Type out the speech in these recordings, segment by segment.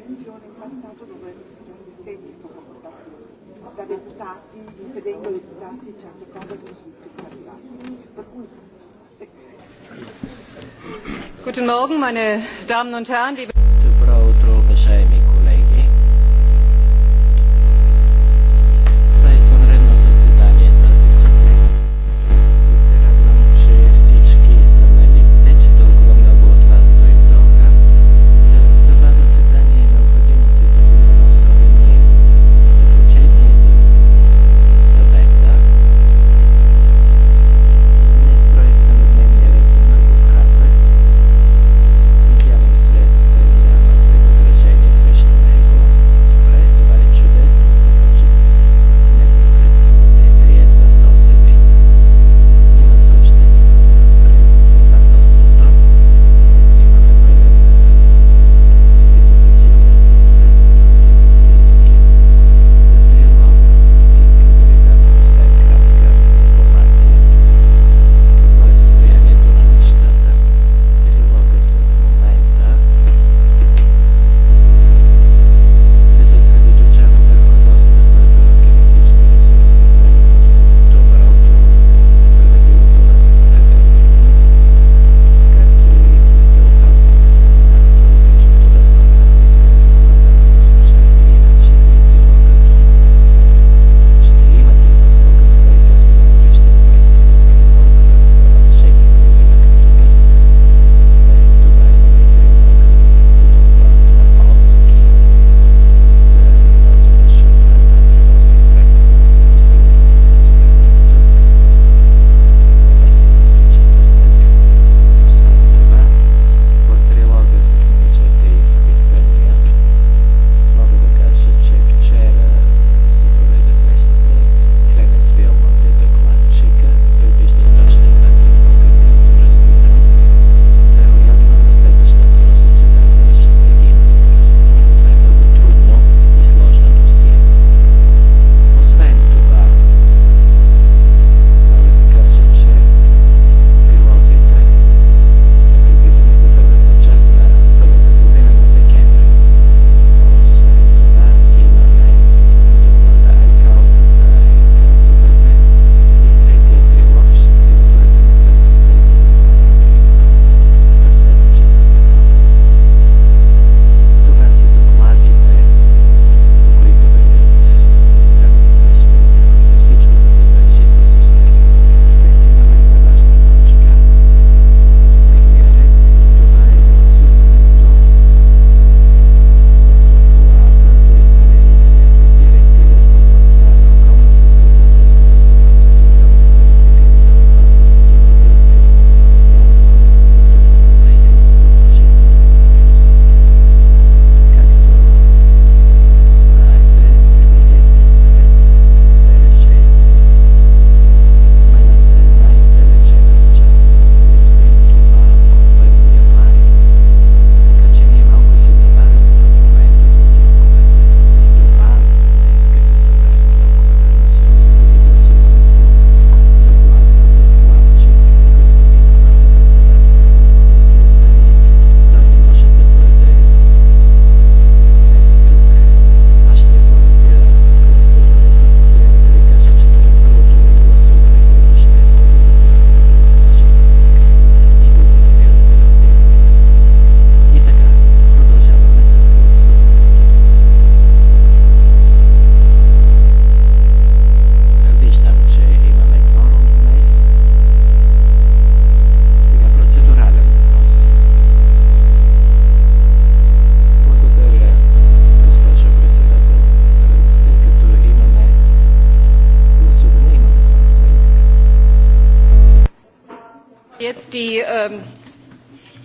commissione in passato dove gli assistenti sono portati da deputati, impedendo ai deputati certe cose che sono più cui, Guten Morgen, meine Damen und Herren, liebe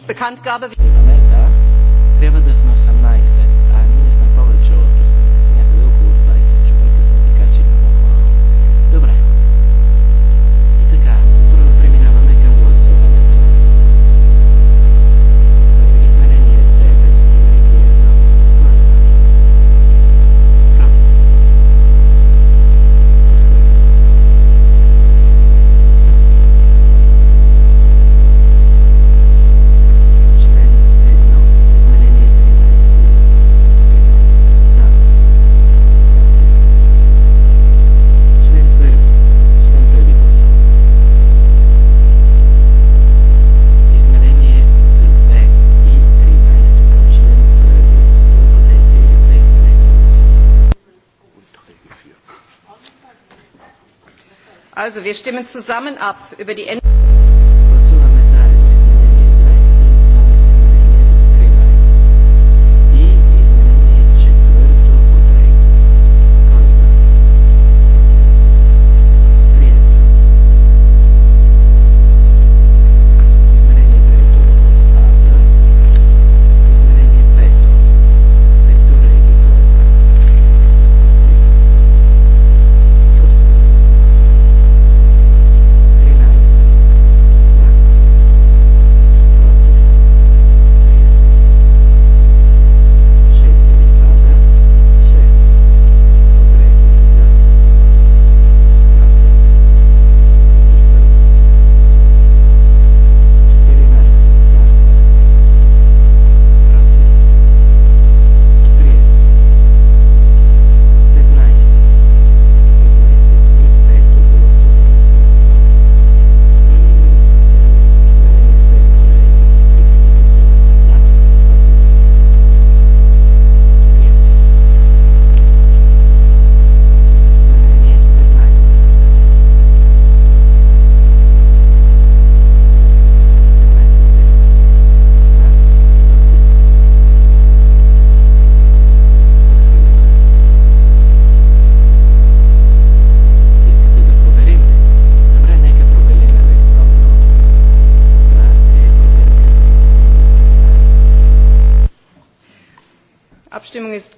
bekanntgabe also wir stimmen zusammen ab über die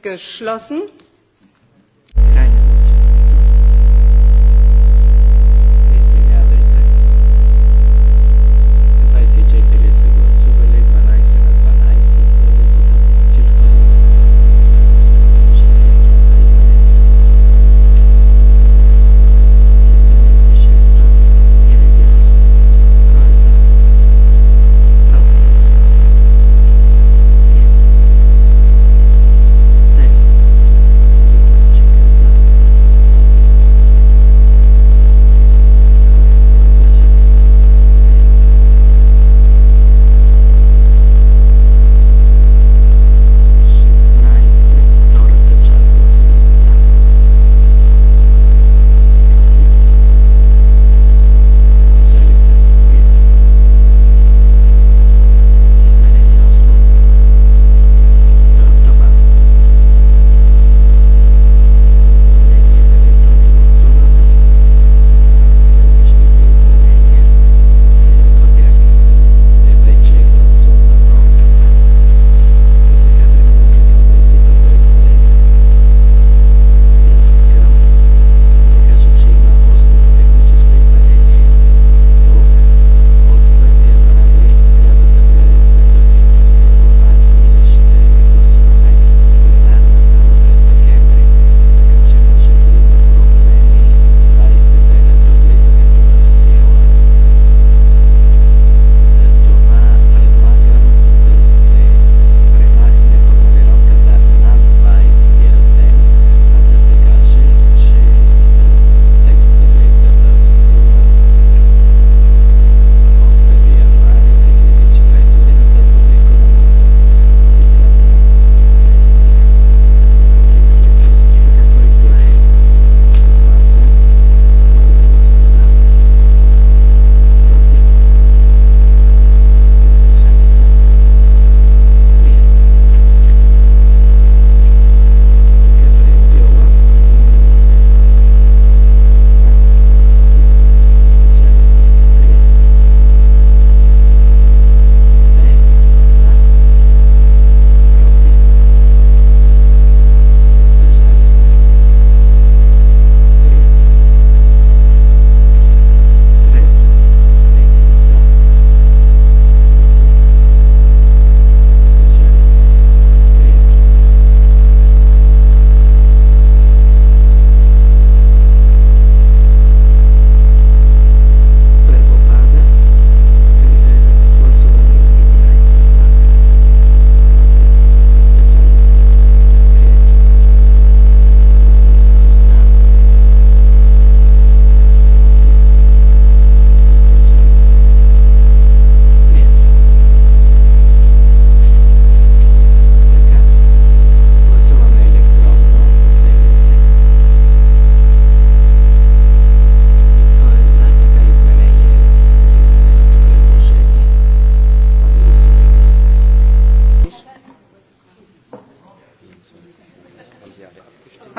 geschlossen.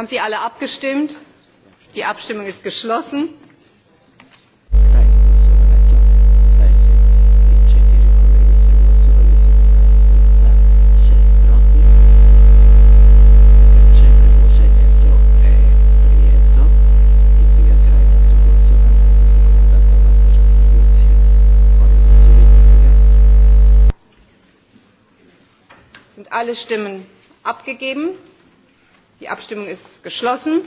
haben sie alle abgestimmt? die abstimmung ist geschlossen. sind alle stimmen abgegeben? die abstimmung ist geschlossen.